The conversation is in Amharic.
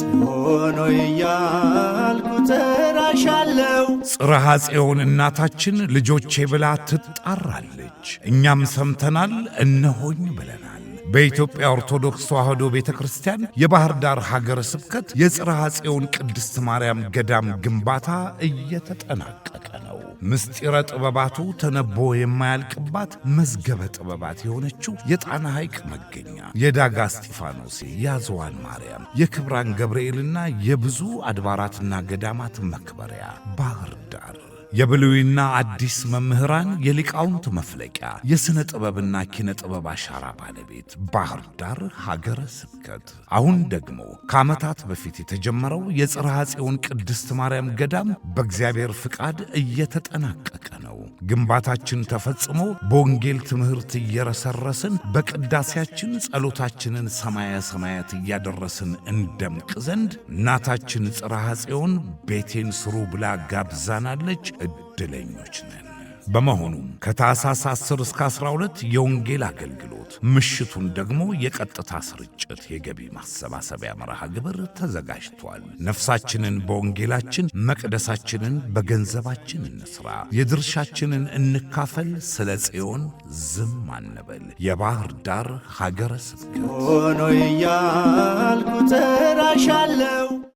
ጽዮን ሆይ እያልኩ ጽርሐ ጽዮን እናታችን ልጆቼ ብላ ትጣራለች። እኛም ሰምተናል እነሆኝ ብለናል። በኢትዮጵያ ኦርቶዶክስ ተዋሕዶ ቤተ ክርስቲያን የባሕር ዳር ሀገረ ስብከት የጽርሐ ጽዮን ቅድስት ማርያም ገዳም ግንባታ እየተጠናቀቀ ምስጢረ ጥበባቱ ተነቦ የማያልቅባት መዝገበ ጥበባት የሆነችው የጣና ሐይቅ መገኛ የዳጋ እስጢፋኖሴ፣ የአዝዋን ማርያም፣ የክብራን ገብርኤልና የብዙ አድባራትና ገዳማት መክበሪያ ባህር ዳር የብሉይና አዲስ መምህራን የሊቃውንት መፍለቂያ የሥነ ጥበብና ኪነ ጥበብ አሻራ ባለቤት ባህር ዳር ሀገረ ስብከት። አሁን ደግሞ ከዓመታት በፊት የተጀመረው የጽርሐ ጽዮን ቅድስት ማርያም ገዳም በእግዚአብሔር ፍቃድ እየተጠናቀቀ ግንባታችን ተፈጽሞ በወንጌል ትምህርት እየረሰረስን በቅዳሴያችን ጸሎታችንን ሰማያ ሰማያት እያደረስን እንደምቅ ዘንድ እናታችን ጽርሐ ጽዮን ቤቴን ስሩ ብላ ጋብዛናለች። እድለኞች ነን። በመሆኑም ከታህሳስ 10 እስከ 12 የወንጌል አገልግሎት፣ ምሽቱን ደግሞ የቀጥታ ስርጭት የገቢ ማሰባሰቢያ መርሃ ግብር ተዘጋጅቷል። ነፍሳችንን በወንጌላችን መቅደሳችንን በገንዘባችን እንስራ፣ የድርሻችንን እንካፈል፣ ስለ ጽዮን ዝም አንበል። የባህር ዳር ሀገረ ስብከት